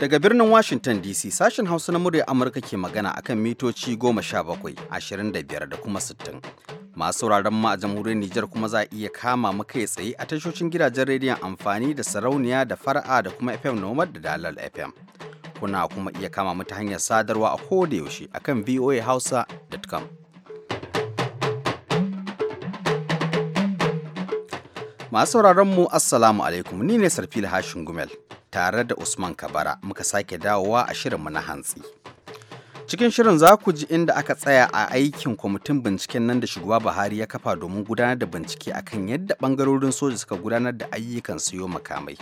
Daga birnin Washington DC sashen Hausa na murya Amurka ke magana akan mitoci 17, 25 da kuma 60. Masu sauraron mu a jamhuriyar Nijar kuma za a iya kama mu kai tsaye a tashoshin gidajen rediyon amfani da sarauniya da fara'a da kuma FM Nomad da Dalal FM. Kuna kuma iya kama mu ta hanyar sadarwa a kodayaushe akan voahausa.com. Masu sauraron mu Assalamu alaikum ni ne Sarfila Hashin Gumel tare da Usman Kabara muka sake dawowa a shirinmu na hantsi. Cikin shirin za ku ji inda aka tsaya a aikin kwamitin binciken nan da shugaba Buhari ya kafa domin gudanar da bincike akan yadda bangarorin soja suka gudanar da ayyukan siyo makamai.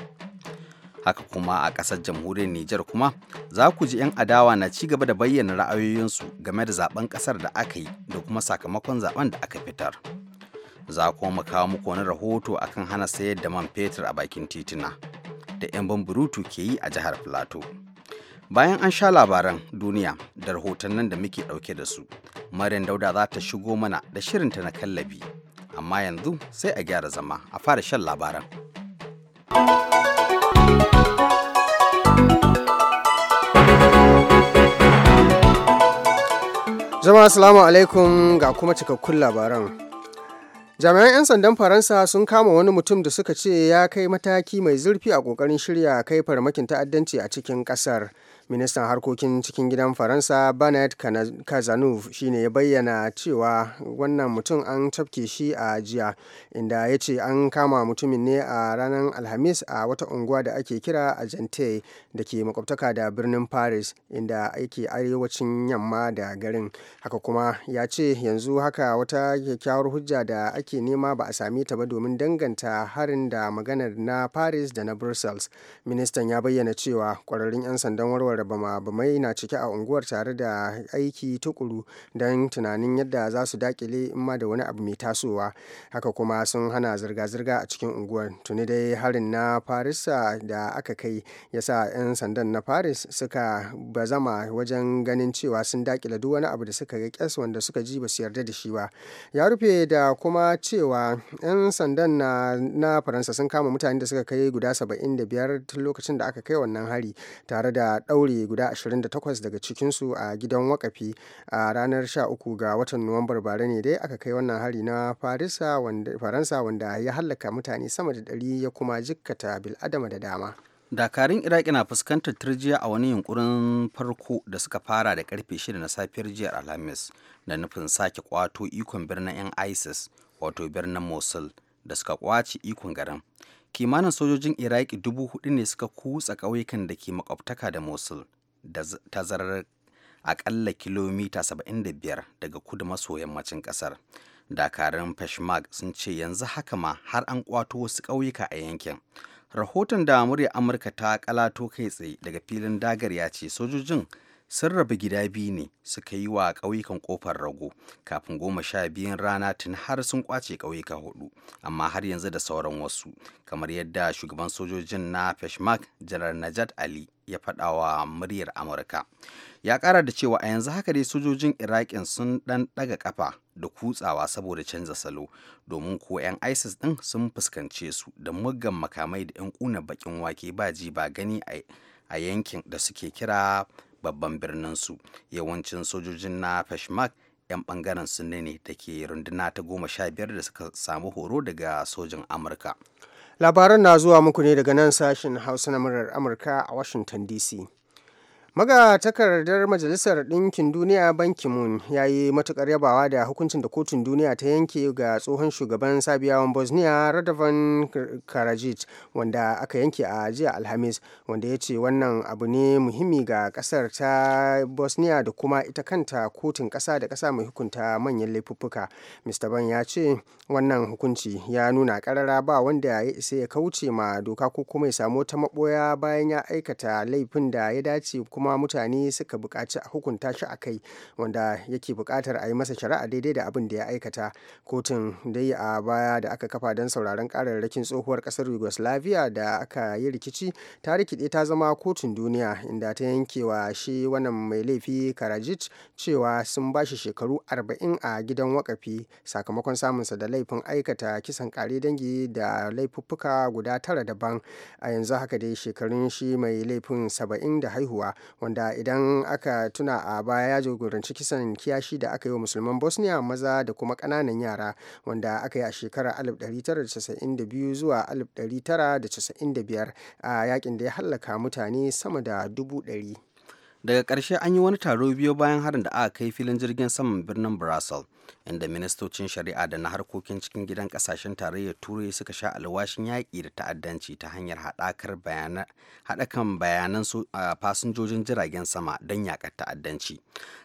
Haka kuma a ƙasar jamhuriyar Nijar kuma za ku ji 'yan adawa na ci gaba da bayyana ra'ayoyinsu game da zaben ƙasar da aka yi da kuma sakamakon zaben da aka fitar. Za kuma kawo muku wani rahoto akan hana sayar da man fetur a bakin tituna. da 'yan bamburutu ke yi a jihar plateau Bayan an sha labaran duniya da rahoton nan da muke ɗauke da su, Maryam Dauda za ta shigo mana da shirinta na kallabi. Amma yanzu sai a gyara zama a fara shan labaran. Jama'a salamu alaikum ga kuma cikakkun labaran. jami'an 'yan sandan faransa sun kama wani mutum da suka ce ya kai mataki mai zurfi a kokarin shirya kai farmakin ta'addanci a cikin kasar ministan harkokin cikin gidan faransa bernard kazanov shine ya bayyana cewa wannan mutum an tafke shi a jiya inda ya ce an kama mutumin ne a ranar alhamis a wata unguwa da ake kira agente da ke makwabtaka da birnin paris inda ake arewacin yamma da garin haka kuma ya ce yanzu haka wata kyakkyawar hujja da ake nema ba a same ta ba domin danganta harin da maganar na paris da na brussels ministan ya bayyana cewa kwararrun 'yan sandan warware ma ba mai na cike a unguwar tare da aiki tukuru don tunanin yadda za su dakile in ma da wani abu mai tasowa haka kuma sun hana zirga-zirga a cikin unguwar tuni dai harin na farisa da aka kai ya sa 'yan sandan na paris suka bazama wajen ganin cewa sun dakile duk wani abu da suka ga kyas wanda suka ji ba su yarda da shi ba ya rufe da kuma cewa 'yan sandan na, na faransa sun kama mutane da suka kai guda 75 tun lokacin da aka kai wannan hari tare da ɗaure ɗaure guda 28 daga cikinsu a gidan wakafi a ranar 13 ga watan nuwambar bara ne dai aka kai wannan hari na faransa wanda ya hallaka mutane sama da ɗari ya kuma jikkata bil'adama da dama dakarun iraki na fuskantar turjiya a wani yunkurin farko da suka fara da karfe 6 na safiyar jiyar alhamis da nufin sake kwato ikon birnin 'yan isis wato birnin mosul da suka kwace ikon garin kimanin sojojin iraki dubu hudu ne suka kutsa ƙauyukan da ke makwabtaka da mosul da tazarar akalla kilomita 75 daga kudu maso yammacin ƙasar dakarun peshmerg sun ce yanzu haka ma har an kwato wasu ƙauyuka a yankin rahoton da murya amurka ta kalato kai tsaye daga filin dagar ya ce sojojin sun rabu gida biyu ne suka yi wa ƙauyukan ƙofar rago kafin goma sha biyun rana tun har sun kwace ƙauyuka hudu amma har yanzu da sauran wasu kamar yadda shugaban sojojin na feshmark janar najat ali ya faɗa wa muryar amurka ya ƙara da cewa a yanzu haka dai sojojin iraƙin sun ɗan ɗaga ƙafa da kutsawa saboda canza salo domin ko 'yan isis ɗin sun fuskance su da muggan makamai da 'yan ƙuna bakin wake ba ji ba gani a yankin da suke kira babban birnin su yawancin sojojin na peshmerg 'yan bangaren sunne ne da ke runduna ta goma sha biyar da suka samu horo daga sojin amurka labaran na zuwa muku ne daga nan sashen hausa na murar amurka a washington dc maga takardar majalisar ɗinkin duniya ban moon ya yi matukar yabawa da hukuncin da kotun duniya ta yanke ga tsohon shugaban sabiyawan bosnia radovan karajic wanda aka yanke a jiya alhamis wanda ya ce wannan abu ne muhimmi ga kasar ta bosnia da kuma ita kanta kotun ƙasa da kasa mai hukunta manyan laifuffuka mr ban ya ce wannan hukunci ya nuna karara ba wanda ya isa ya kauce ma doka ko kuma ya samu wata maɓoya bayan ya aikata laifin da ya dace kuma kuma mutane suka buƙaci a hukunta shi a kai wanda yake buƙatar a yi masa shari'a daidai da abin da ya aikata kotun dai a baya da aka kafa don sauraron kararrakin tsohuwar ƙasar yugoslavia da aka yi rikici ta rikide ta zama kotun duniya inda ta yankewa shi wannan mai laifi karajic cewa sun ba shi shekaru 40 a gidan wakafi sakamakon samunsa da laifin aikata kisan kare dangi da laifuffuka guda tara daban a yanzu haka dai shekarun shi mai laifin saba'in da haihuwa wanda idan aka tuna a baya ya jagoranci kisan kiyashi da aka yi wa musulman bosnia maza da kuma kananan yara wanda aka yi a shekarar 1992 zuwa 1995 a yakin da ya hallaka mutane sama da dubu daga ƙarshe an yi wani taro biyu bayan harin da aka kai filin jirgin saman birnin brasil inda ministocin shari'a da na harkokin cikin gidan kasashen tarayyar turai suka sha alwashin yaƙi da ta'addanci ta hanyar haɗakar haɗakan bayanan su a fasinjojin jiragen sama don yaƙar ta'addanci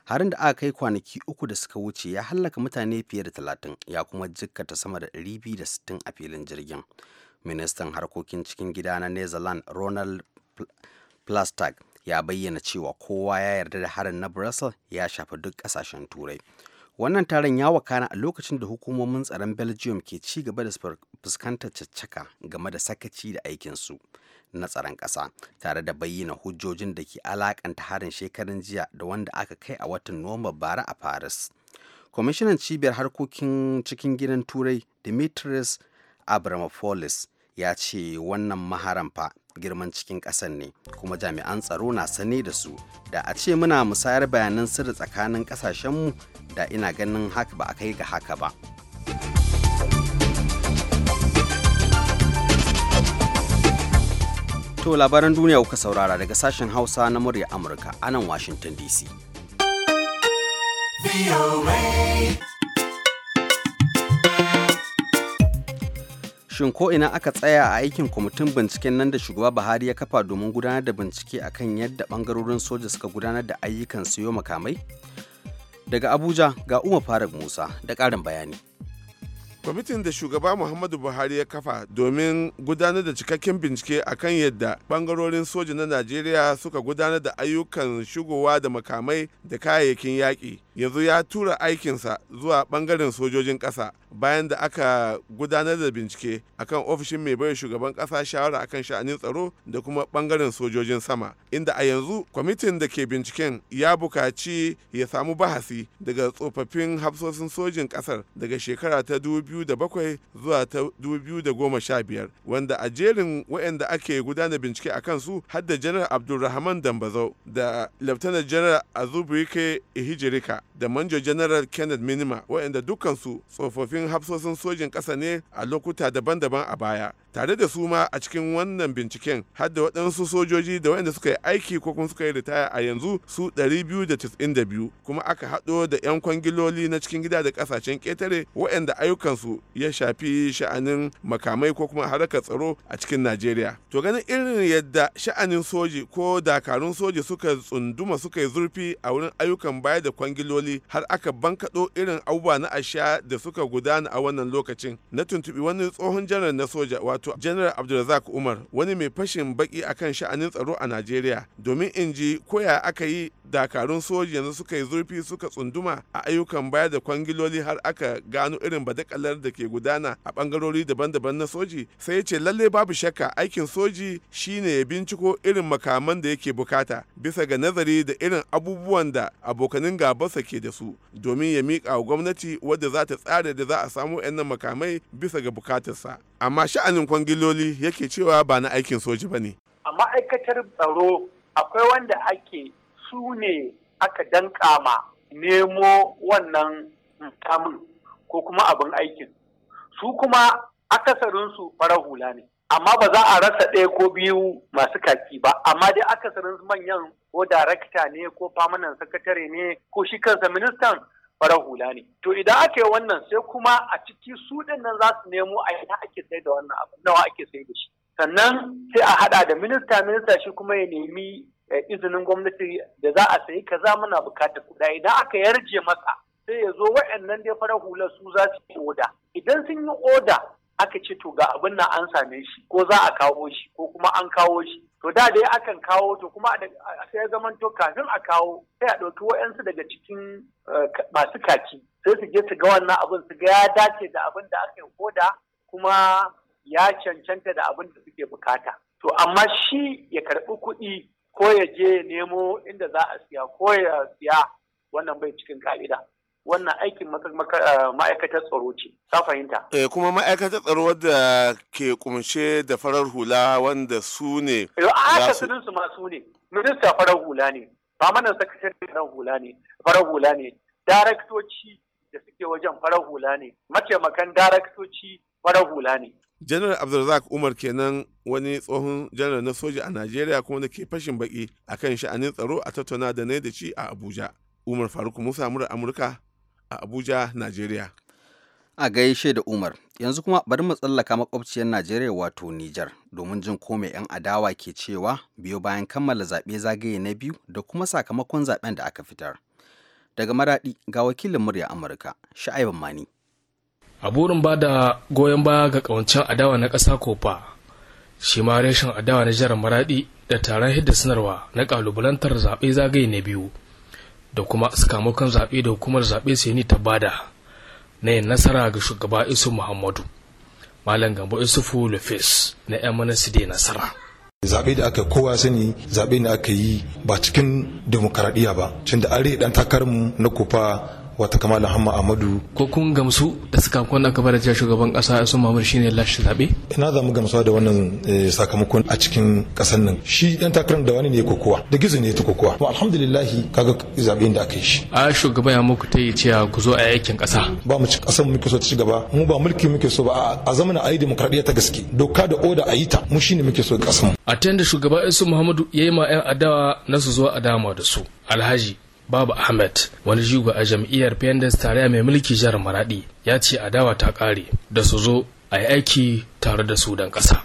harin da aka kai kwanaki uku da suka wuce ya hallaka mutane fiye da talatin ya kuma jikkata sama da da ɗari biyu sittin a filin jirgin ministan harkokin cikin gida na netherlands ronald plastag ya bayyana cewa kowa ya yarda da harin na brussels ya shafi duk kasashen turai wannan taron ya wakana a lokacin da hukumomin tsaron belgium ke ci gaba da fuskantar caccaka game da sakaci da aikinsu na tsaron ƙasa tare da bayyana hujjojin da ke alakanta harin shekarun jiya da wanda aka kai a watan nuwamba bara a paris kwamishinan cibiyar harkokin cikin gidan turai dimitris abramopoulos ya ce wannan maharan girman cikin ƙasan ne kuma jami'an tsaro na sani da su da a ce muna musayar bayanan sirri tsakanin ƙasashenmu da ina ganin haka ba a kai ga haka ba to labaran duniya kuka saurara daga sashen hausa na murya amurka anan nan washington dc Shin ko ina aka tsaya a aikin kwamitin binciken nan da shugaba Buhari ya kafa domin gudanar da bincike akan yadda bangarorin soja suka gudanar da ayyukan siyo makamai? Daga Abuja ga Umar Farag Musa da ƙarin bayani. kwamitin da shugaba muhammadu buhari ya kafa domin gudanar da cikakken bincike akan yadda bangarorin soja na najeriya suka gudanar da ayyukan shigowa da makamai da kayayyakin yaƙi yanzu ya tura aikinsa zuwa bangaren sojojin ƙasa bayan da aka gudanar da bincike akan ofishin mai bayar shugaban ƙasa shawara akan sha'anin tsaro da kuma bangaren sojojin sama inda a yanzu kwamitin da ke binciken ya bukaci ya samu bahasi daga tsofaffin hafsosin sojin ƙasar daga shekara ta dubu 2007 zuwa ta 2015 wanda a jerin waɗanda ake gudanar bincike a kansu har da janar abdulrahman dambazau da laftanar janar azubuike ihijirika da manjo janar kenneth minima waɗanda dukkansu tsofaffin hafsoshin sojin ƙasa ne a lokuta daban-daban a baya tare da su ma a cikin wannan binciken har da waɗansu sojoji da waɗanda suka yi aiki ko kuma suka yi ritaya a yanzu su 292 kuma aka haɗo da 'yan kwangiloli na cikin gida da ƙasashen ƙetare waɗanda ayyukansu ya shafi sha'anin makamai ko kuma harkar tsaro a cikin najeriya to ganin irin yadda sha'anin soji ko dakarun soji suka tsunduma suka yi zurfi a wurin ayyukan baya da kwangiloli har aka bankaɗo irin abubuwa na asha da suka gudana a wannan lokacin na tuntuɓi wani tsohon janar na soja wato General Abdulrazak Umar wani mai fashin baki akan sha'anin tsaro a Najeriya domin in ji koya aka yi dakarun soji yanzu suka yi zurfi suka tsunduma a ayyukan bayar da kwangiloli har aka gano irin badakalar da ke gudana a bangarori daban-daban na soji sai ya ce lalle babu shakka aikin soji shine ya binciko irin makaman da yake bukata bisa ga nazari da irin abubuwan da abokanin sa ke da su domin ya miƙa wa gwamnati wadda za ta tsara da za a samu 'yan makamai bisa ga bukatarsa amma sha'anin kwangiloli yake cewa ba na aikin soji ba ne. A ma'aikatar tsaro akwai wanda ake su ne aka ma nemo wannan mutamin ko kuma abin aikin. Su kuma akasarinsu fara hula ne. Amma ba za a rasa ɗaya ko biyu masu kaki ba, amma dai akasarinsu manyan ko darakta ne ko famanan sakatare ne ko shi kansa ministan farar hula ne to idan aka yi wannan sai kuma a ciki su nan za su nemo a ina ake sai da wannan abu nawa ake sai da shi sannan sai a haɗa da minista minista shi kuma ya nemi eh, izinin gwamnati da za a sayi kaza muna bukatar kuɗa idan aka yarje masa sai ya zo waɗannan dai farar hula su za su yi oda idan sun yi oda aka ce to ga abin nan an same shi ko za a kawo shi ko kuma an kawo shi to da dai akan kawo to kuma sai zaman to kafin a kawo sai a ɗauki wa'yansu daga cikin eh, masu kaki sai su je su ga wannan abin su ga ya dace da abin da aka yi koda kuma ya cancanta da abin da suke bukata to amma shi ya karɓi kuɗi ko ya je nemo inda za a siya ko ya siya wannan bai cikin ka'ida wannan aikin ma'aikatar tsaro ce ta fahimta. Eh, kuma ma'aikatar tsaro wadda ke kumshe da farar hula wanda su ne. Eh, Aka sunan su masu ne, minista farar hula ne, famanan sakatare farar hula ne, farar hula ne, daraktoci da suke wajen farar hula ne, mataimakan daraktoci farar hula ne. janar abdulrazak umar kenan wani tsohon janar na soja a najeriya kuma da ke fashin baki akan sha'anin tsaro a tattauna da ne da shi a abuja umar faruk musa murar amurka a Abuja, Najeriya. A gaishe da Umar, yanzu kuma bari mu tsallaka makwabciyar Najeriya wato Nijar domin jin ko mai 'yan adawa ke cewa biyo bayan kammala zaɓe zagaye na biyu da kuma sakamakon zaɓen da aka fitar. Daga maraɗi ga wakilin murya Amurka, Sha'aibin Mani. A burin ba da goyon baya ga ƙawancen adawa na ƙasa kofa, shi ma reshen adawa na jihar maraɗi da taron hidda sanarwa na ƙalubalantar zaɓe zagaye na biyu da kuma sakamakon zaɓe da hukumar zaɓe seni ta bada na yin nasara ga shugaba isu muhammadu malam gambo isufu lufis na yan manasi nasara zaɓe da aka kowa sani zaɓe da aka yi ba cikin demokaradiyya ba tunda an dan takarmu na kufa wata kama hamma amadu ko kun gamsu da sakamakon aka bada jiya shugaban kasa su mamur shine lashe zabe ina za mu gamsuwa da wannan eh, sakamakon a cikin kasan nan shi dan takarar da wani ne kokowa da gizo ne ta kokowa to alhamdulillah kaga zaben da aka yi shi a shugaban ya muku tayi cewa ku zo a yakin kasa ba mu ci kasan muke so ta ci gaba mu ba mulki muke so ba a zamanin ayi demokradiyya ta gaske doka da oda a yi ta mu shine muke so kasan a tanda shugaba Isu Muhammadu yayi ma yan adawa na su zo a dama da su alhaji babu ahmed wani jigo a jam'iyyar pendes tarayya mai mulki jihar maradi ya ce adawa ta kare da su zo a yi aiki tare da su dan ƙasa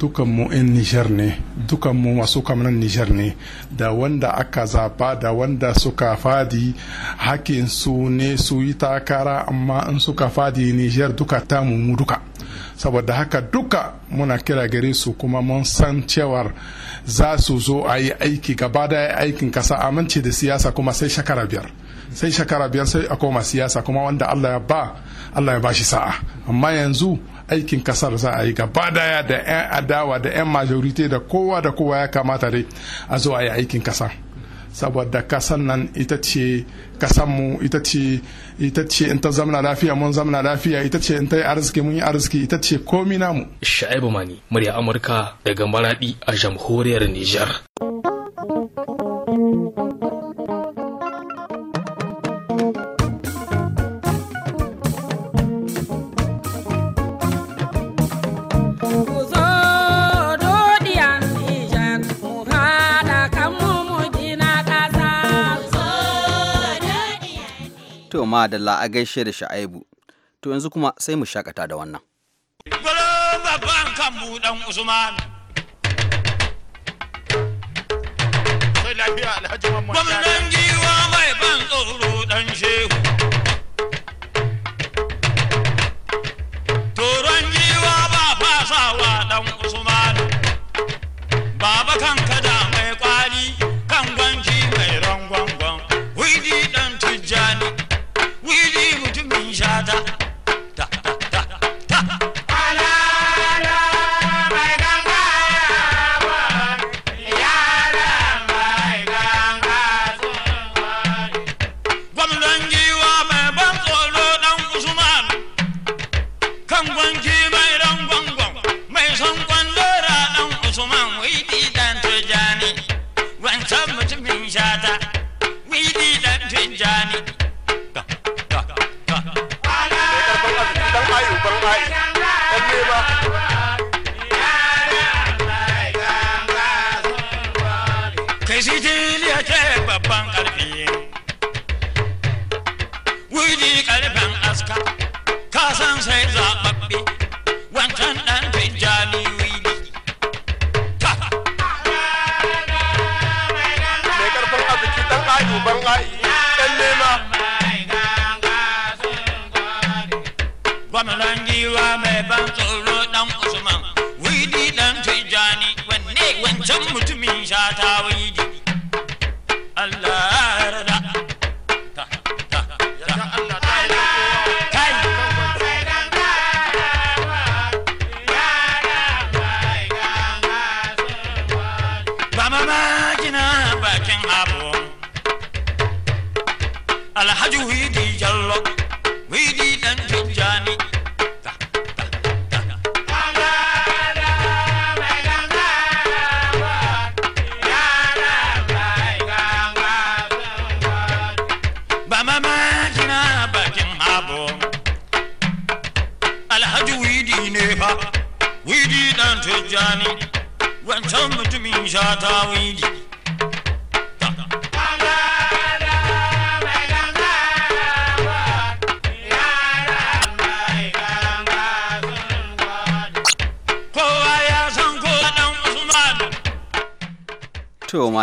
dukan mu in Nijar ne dukan mu masu kamnan Nijar ne da wanda aka zaba da wanda suka fadi hakin su ne su yi takara amma in suka fadi Nijar duka ta mu duka saboda haka duka muna kira gare su kuma mun san cewar za su zo a yi aiki gaba daya aikin kasa amince da siyasa kuma sai shekara biyar sai shekara biyar sai a koma siyasa kuma wanda Allah ya ba Allah ya ba shi sa'a amma yanzu aikin kasar za a yi gaba daya da 'yan adawa da 'yan majorite da kowa da kowa ya kamata dai a zo a yi aikin kasa saboda kasan nan ita ce kasanmu ita ce ita ce in ta zamana lafiya mun zamana lafiya ita ce in ta yi arziki mun yi arziki ita ce komi namu. Sha'ibu Mani, murya Amurka daga Maradi a jamhuriyar Nijar. To ma da la a gaishe da sha'aibu. To yanzu kuma sai mu shakata da wannan. Gwalo babban kan buɗan Usman. Sai lafiya Alhaji Mamman. Gwamnan giwa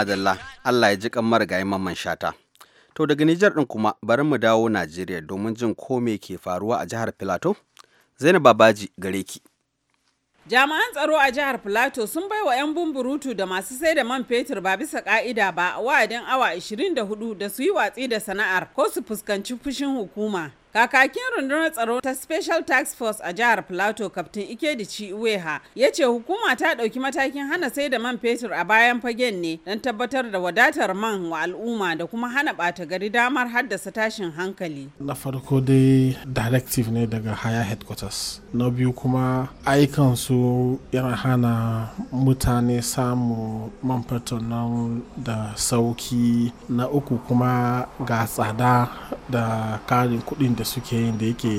madalla Allah ya ji kan marigayi mamman shata. To daga Nijar ɗin kuma bari mu dawo Najeriya domin jin ko me ke faruwa a jihar Filato? Zainab Babaji gare ki. Jami'an tsaro a jihar Filato sun bai wa 'yan bumburutu da masu sai da man fetur ba bisa ka'ida ba a wa'adin awa 24 da su yi watsi da sana'ar ko su fuskanci fushin hukuma. Kakakin rundunar tsaro ta Special Task Force a jihar Plateau, Kaftin Ikedici Uweha, ya ce hukuma ta ɗauki matakin hana sai da man fetur a bayan fagen ne don tabbatar da wadatar man wa al'umma da kuma hana ɓata gari damar haddasa tashin hankali. Na farko dai directive ne daga higher headquarters. Na biyu kuma aikansu yana hana mutane samu man fetur nan da sauki. Na uku kuma ga tsada da karin kuɗin da suke yin da yake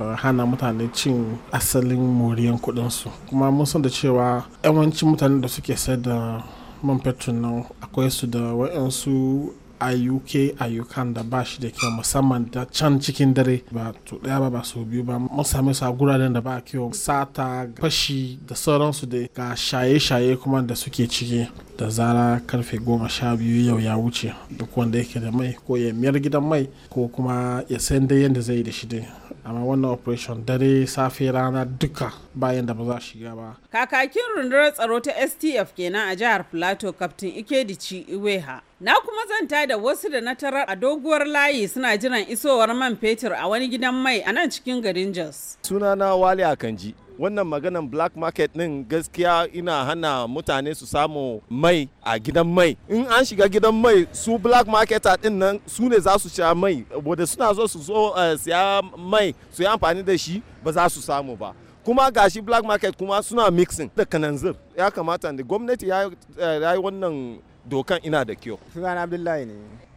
eh, hana mutane cin asalin moriyan su kuma mun san da cewa yawancin mutanen da suke sayar da man fetur nan akwai su da wayansu a uk ayyukan da ba shi da kyau musamman da can cikin dare ba to daya ba ba so biyu ba mun same su a guraren da ba kyau sata fashi da sauransu da ga shaye-shaye kuma da suke ciki da zara karfe goma sha biyu yau ya wuce duk wanda yake da mai ko ya miyar gidan mai ko kuma ya san dai yadda zai yi da shi dai amma wannan operation dare safe rana duka bayan da ba za shiga ba kakakin rundunar tsaro ta stf kenan a jihar plateau captain ikedici iweha na kuma zanta da wasu da na tarar a doguwar layi suna jiran isowar man fetur a wani gidan mai a nan cikin garin jos sunana wali akanji wannan maganan black market ɗin gaskiya ina hana mutane su samu mai a gidan mai in an shiga gidan mai su black market din nan su ne za su sha mai wadda suna zo su zo eh, siya mai su yi amfani da shi ba za su samu ba kuma gashi black market kuma suna mixing da kananzir ya kamata da gwamnati ya eh, yi wannan dokan ina da kyau. Sunana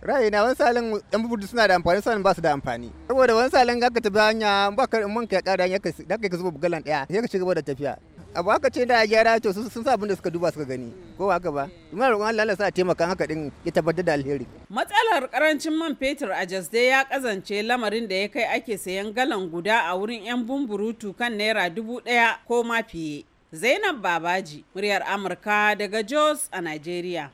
na wani salin yan bubu suna da amfani sanin ba su da amfani saboda wani salin ka tafi hanya ba ka in manka ya kara hanya da ka zuba bugalan daya sai ka shiga da tafiya abu haka ce da gyara to sun sa abin da suka duba suka gani ko haka ba muna roƙon Allah sa taimaka haka din ya tabbatar da alheri matsalar karancin man fetur a Jos ya kazance lamarin da ya kai ake sayan galan guda a wurin yan bumburutu kan naira dubu ɗaya ko ma fiye Zainab Babaji, muryar Amurka daga Jos a nigeria.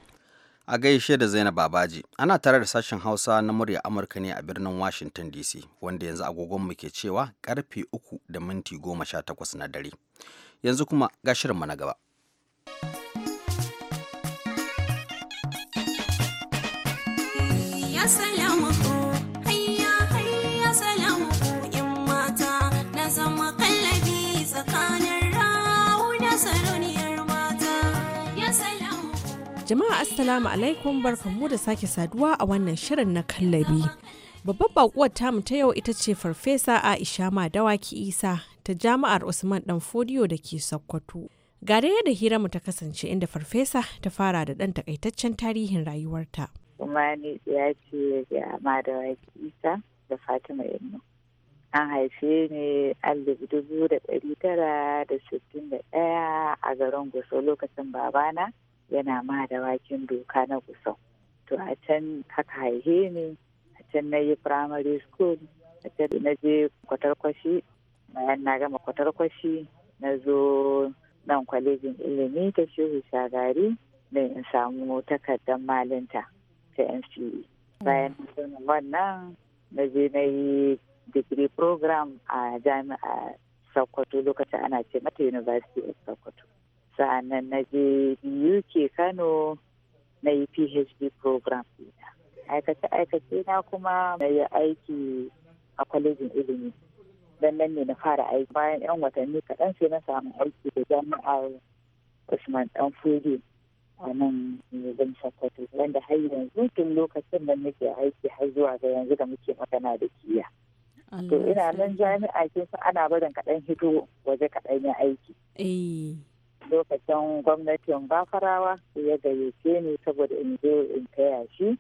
a gaishe da zainab babaji ana tare da sashen hausa na murya amurka ne a birnin washington dc wanda yanzu agogonmu ke cewa karfe uku da minti goma na dare yanzu kuma ga shirinmu na gaba Jama'a Assalamu alaikum barkanmu da sake saduwa a wannan shirin na kallabi. Babbar bakuwar tamu ta yau ita ce Farfesa Aisha Madawaki Isa ta Jami'ar Usman Danfodiyo da ke Sokoto. Ga da yadda hira mu ta kasance inda Farfesa ta fara da ɗan takaitaccen tarihin rayuwarta. Kuma ni ya ce ga dawaki Isa da Fatima Yannu. An haife ni alif dubu da ɗari tara da sittin da ɗaya a garin Goso lokacin babana. yana ma da wakin doka na gusau to a can haka haihe ne a can na yi primary school a can na je kwatarkwashi bayan na gama kwatarkwashi na zo nan kwalejin ilimi ta shehu shagari da in samu takardar malinta ta NCE. Bayan wannan na je na yi degree program a jami'a Sokoto lokacin ana ce mata University of Sokoto. sannan na je uk kano na yi phd program dina aikace aikace na kuma na yi aiki a kwalejin ilimi dan nan ne na fara aiki bayan yan watanni kaɗan sai na samu aiki da jami'ar usman dan fode a nan zan sokoto wanda har yanzu tun lokacin da nake aiki har zuwa ga yanzu da muke magana da kiya to ina nan jami'a kin ana barin kaɗan hito waje kaɗan ya aiki eh. lokacin gwamnatin bafarawa ya gayyace ni saboda in je in taya shi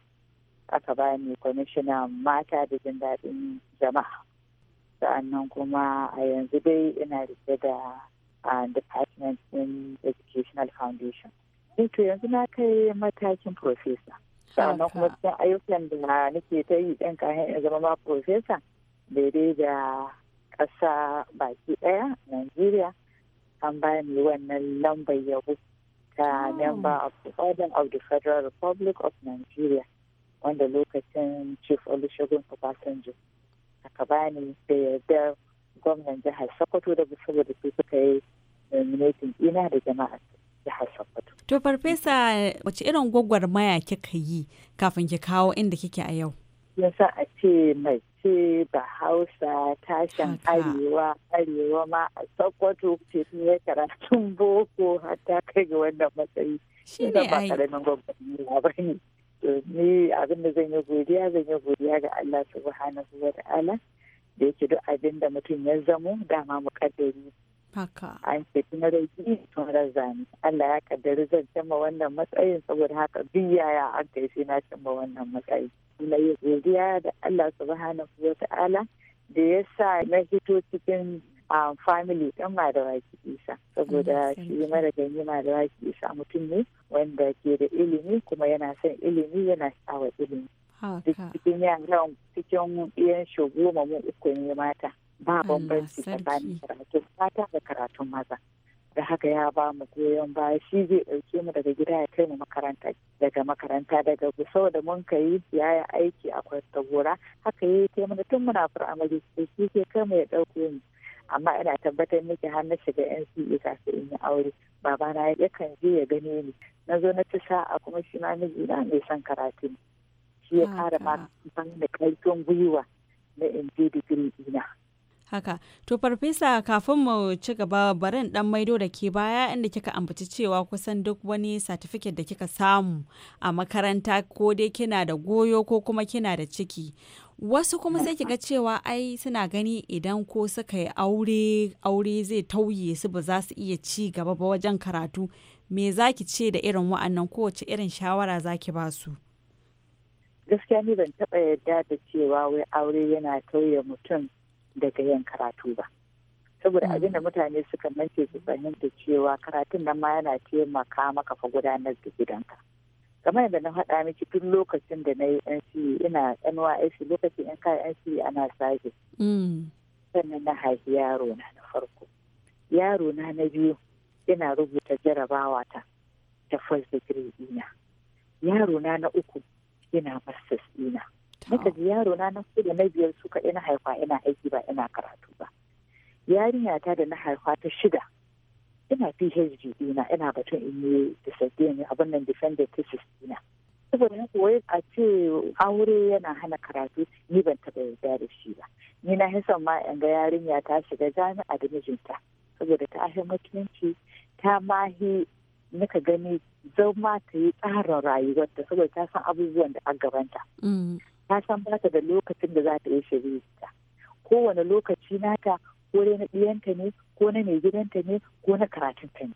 aka bani kwamishinan mata da jin daɗin jama'a sa'annan kuma a yanzu dai ina rike da department in educational foundation eh, to yanzu na kai matakin profesa sannan kuma cikin ayyukan da nake ta yi ɗan kayan in zama ma profesa daidai da ƙasa baki ɗaya najeriya an bani wannan lambar yabo ta member of the order of the federal republic of nigeria wanda lokacin chief olusegun obasanjo aka bani da yardar gwamnan jihar sokoto da saboda su suka yi nominating ina da jama'a jihar sokoto to farfesa wace irin gwagwarmaya kika yi kafin ki kawo inda kike a yau yanzu a ce mai ce bahausa tashin arewa arewa ma a sokoto ce sun ya karatun boko hatta kai ga wannan matsayi shi ne ba karamin gwamnati ba ne ni abin da zan yi godiya zan yi godiya ga Allah subhanahu wa ta'ala da yake duk abin da mutum ya zamo dama kaddare Haka. An ce na rauki tun razani. Allah ya kaddari zan cimma wannan matsayin saboda haka duk yaya an kai na cimma wannan matsayi Na yi godiya da Allah subhanahu wa ta'ala da ya sa na fito cikin family ɗan waki isa saboda shi mara ganye waki isa mutum ne wanda ke da ilimi kuma yana son ilimi yana sha'awar ilimi. Cikin yaran cikin iyan shugoma mu uku ne mata. ba bambanci tsakanin karatu mata da karatun maza da haka ya ba mu goyon baya shi zai ɗauke mu daga gida ya kai mu makaranta daga makaranta daga gusau da mun kai ya yi aiki a gora haka ya yi kai mu tun muna firamare sai shi ke kai mu ya ɗauke mu amma ina tabbatar miki har na shiga NCE kafin in yi aure babana yakan je ya gane ni na zo na ci sa'a kuma shi ma mijina mai son karatu shi ya kara ma ban da ƙarfin gwiwa na in je digiri ina. haka to farfesa kafin mu ci gaba barin dan maido da ke baya inda kika ambaci cewa kusan duk wani satifiket da kika samu a makaranta ko dai kina da goyo ko kuma kina da ciki wasu kuma sai kiga cewa ai suna gani idan ko suka yi aure aure zai tauye su ba za su iya ci gaba ba wajen karatu me za ki ce da irin wa'annan kowace irin shawara za ki ba su gaskiya ni ban taɓa yarda da cewa wai aure yana tauye mutum daga yin karatu ba saboda mm. abin da mutane suka mace su fahimta cewa karatun nan ma yana taimaka maka fa gudanar da gidanka kamar da na faɗa miki tun lokacin da na yi nc e, ina nysc lokacin in kai nc e ana sage mm. sannan na haifi yaro na na farko yaro na na biyu ina rubuta jarabawa ta ta first degree ɗina yaro na na uku ina masters ɗina muka ji yaro na na da na biyar suka ina haifa ina aiki ba ina karatu ba. Yarinya ta da na haifa ta shida ina PhD dina ina batun in yi dissertation abin nan defender thesis dina. Saboda na kuwa a ce aure yana hana karatu ni ban taɓa yarda da shi ba. Ni na hisan ma in ga yarinya ta shiga jami'a da mijinta saboda ta ahi mutunci ta mahi nika gani zama ta yi tsarin rayuwarta saboda ta san abubuwan da a gabanta. Mm. ta san ba ta da lokacin da za ta yi ta kowane lokaci nata ko dai na ɗiyanta ne ko na mai gidanta ne ko na karatun ta ne.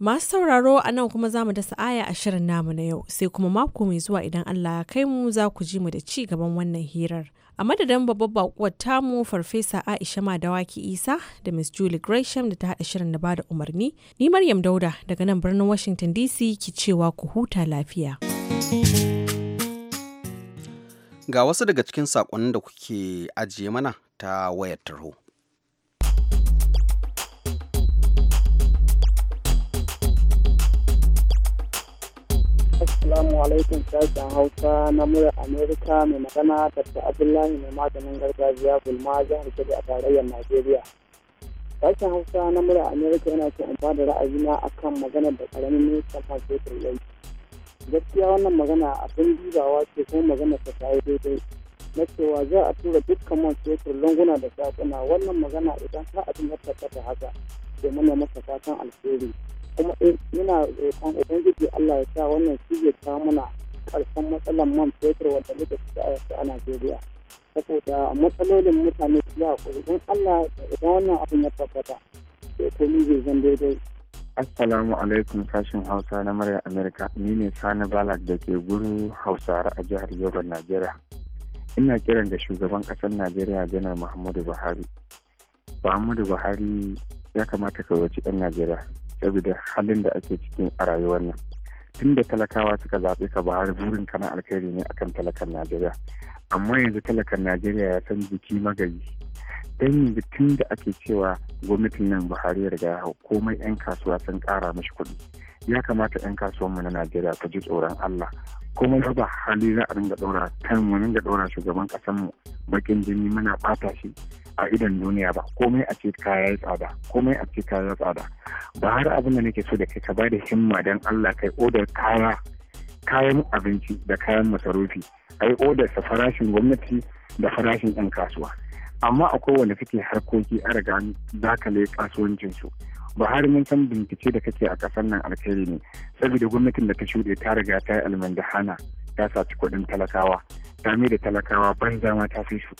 Masu sauraro a nan kuma za mu da sa'aya a shirin namu na yau sai kuma mako mai zuwa idan Allah ya kai mu za ku ji mu da ci gaban wannan hirar. A madadin babbar bakuwar tamu Farfesa Aisha Madawaki Isa da Miss Julie Gresham da ta haɗa shirin da bada umarni, ni Maryam Dauda daga nan birnin Washington DC ki cewa ku huta lafiya. Ga wasu daga cikin saƙonin da kuke ajiye mana ta wayar tarho. Assalamu alaikum sashen Hausa na murar Amerika mai magana Dr. Abdullahi mai maganin gargajiya Gulma jihar Kebbi a tarayyar Najeriya. Sashen Hausa na murar Amerika yana ce amfani da ra'ayina akan maganar da karamin ministan Fasfetar yi. gaskiya wannan magana abin dubawa ce kuma magana ta kayi daidai na cewa za a tura dukkan man fetur languna da sakuna wannan magana idan har abin ya tabbata haka domin ya masa fatan alheri kuma yana eh, roƙon ubangiji Allah ya sa wannan shi ya ta mana ƙarshen matsalar man fetur wanda muke ciki a yanzu a Najeriya saboda matsalolin mutane su ya in Allah idan wannan abin ya tabbata ko ni zai zan daidai Assalamu alaikum sashen Hausa na murya Amerika. Ni ne Sani Balak da ke gurin Hausare a jihar Yoruba, Najeriya. Ina kiran da shugaban ƙasar Najeriya Janar Muhammadu Buhari. Muhammadu Buhari ya kamata ka wuce 'yan Najeriya saboda halin da ake cikin a rayuwar nan. Tun da talakawa suka zaɓe ka Buhari burin kana alkhairi ne akan talakan Najeriya. Amma yanzu talakan Najeriya ya san jiki magari. dan yanzu tun da ake cewa gwamnatin nan buhari ya riga ya hau komai 'yan kasuwa sun kara mashi kuɗi ya kamata 'yan mu na najeriya ka ji tsoron allah kuma ba hali za a ringa ɗora kan mu ringa ɗora shugaban mu bakin jini muna ɓata shi a idon duniya ba komai a ce kaya ya tsada komai a ce kaya ya tsada ba har abin da nake so da kai ka ba da himma don allah kai odar kaya kayan abinci da kayan masarufi ai odar sa farashin gwamnati da farashin 'yan kasuwa amma a kowane kake harkoki a riga zakale kasuwancinsu buhari mun san bincike da kake a kasar nan alkhairi ne saboda gwamnatin da ta shuɗe ta riga ta yi almandahana ta saci kuɗin talakawa ta da talakawa banza ma ta fi su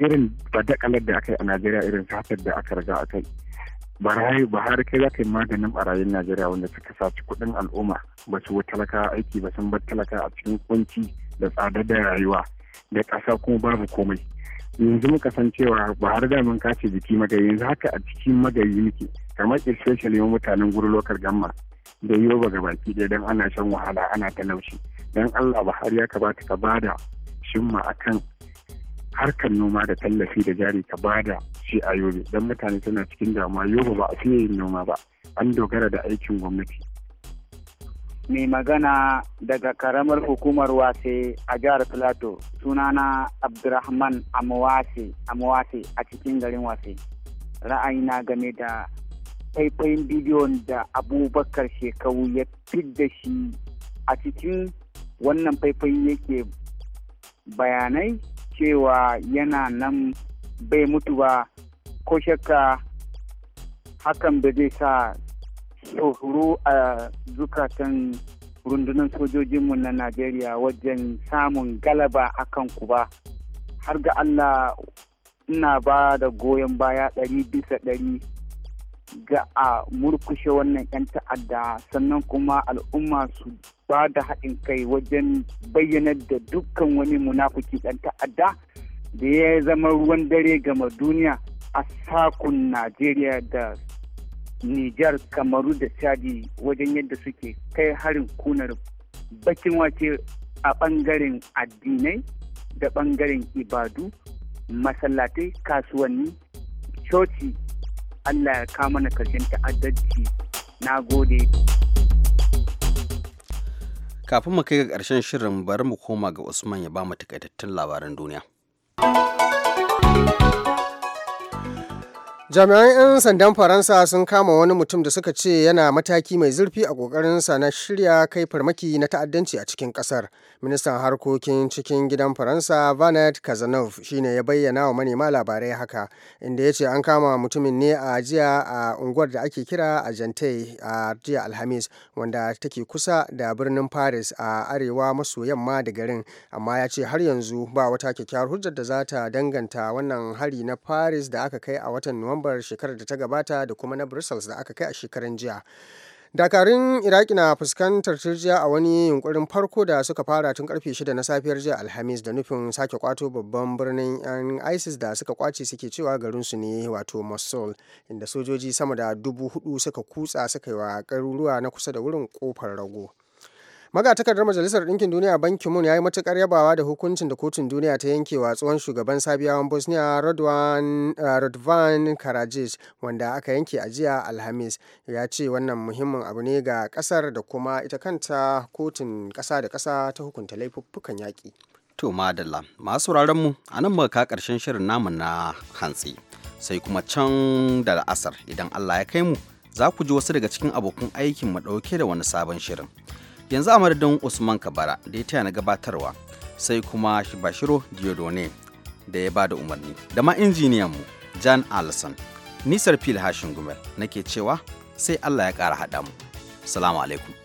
irin fadakalar da aka yi a najeriya irin satar da aka riga akai kai barayi buhari kai za ka yi maganin barayin najeriya wanda suka saci kuɗin al'umma ba su talakawa aiki ba sun bar talakawa a cikin kunci da tsada da rayuwa da ƙasa kuma babu komai yanzu muka san cewa ba har da mun kace jiki magari yanzu haka a cikin magari muke kamar especially mutanen guri lokar gamma da yoba ga baki ɗaya don ana shan wahala ana talauci don allah ba har ya kamata ka bada shimma akan harkar noma da tallafi da jari ka bada shi a yobe don mutane suna cikin damuwa yobe ba a fiye yin noma ba an dogara da aikin gwamnati mai magana daga karamar hukumar wase a jihar Filato sunana Abdurrahman Amwase Amwase a cikin garin wase. Ra'ayina game da faifayin bidiyon da abubakar shekau ya da shi a cikin wannan faifayin yake bayanai cewa yana nan bai mutu ba ko shakka hakan da zai sa tsoro a zukatan rundunar sojojinmu na Najeriya wajen samun galaba akan ku ba. Har ga Allah ina ba da goyon baya ɗari bisa ɗari ga a murkushe wannan 'yan ta'adda sannan kuma al'umma su ba da haɗin kai wajen bayyanar da dukkan wani munafuki yan ta'adda da ya zama ruwan dare gama duniya a sakun Najeriya da Nijar, Kamaru da Chadi wajen yadda suke kai harin kunar bakin wake a ɓangaren addinai da ɓangaren ibadu, masallatai, kasuwanni, coci, Allah ya kama na karshen ta'addanci. Na gode. Kafin mu kai ga ƙarshen shirin bari mu koma ga Usman ya ba mu takaitattun labaran duniya. jami'an 'yan sandan faransa sun kama wani mutum da suka ce yana mataki mai zurfi a kokarinsa na shirya kai farmaki na ta'addanci a cikin kasar ministan harkokin cikin gidan faransa vanet kazanov shine ya bayyana wa manema labarai haka inda ya ce an kama mutumin ne a jiya a unguwar da ake kira a jante a jiya alhamis wanda take kusa da birnin paris a arewa maso yamma da garin amma ya ce har yanzu ba wata kyakkyawar hujjar da za ta danganta wannan hari na paris da aka kai a watan nuwamba Nuwambar shekarar da ta gabata da kuma na Brussels da aka kai a shekaran jiya. dakarun iraki na fuskantar turjiya a wani yunkurin farko da suka fara tun karfe 6 na safiyar jiya alhamis da nufin sake kwato babban birnin yan isis da suka kwace suke cewa garin su ne wato mosul inda sojoji sama da dubu hudu suka kutsa suka yi wa garuruwa na kusa da wurin kofar rago magatakardar majalisar ɗinkin duniya ban ki ya yi matukar yabawa da hukuncin da kotun duniya ta yankewa tsohon shugaban sabiyawan bosnia radwan eh, radvan wanda aka yanke a jiya alhamis ya ce wannan muhimmin abu ne ga kasar da kuma ita kanta kotun kasa da kasa ta hukunta laifuffukan yaƙi to madalla masu mu a nan muka karshen shirin namu na hantsi sai kuma can da asar idan allah ya kai mu za ku ji wasu daga cikin abokan aikin mu ɗauke da wani sabon shirin yanzu a madadin usman kabara da ya taya na gabatarwa sai kuma bashiro diodone da ya ba da umarni da ma mu jan allison nisar fil hashin gumel nake cewa sai allah ya ƙara haɗa mu salamu alaikum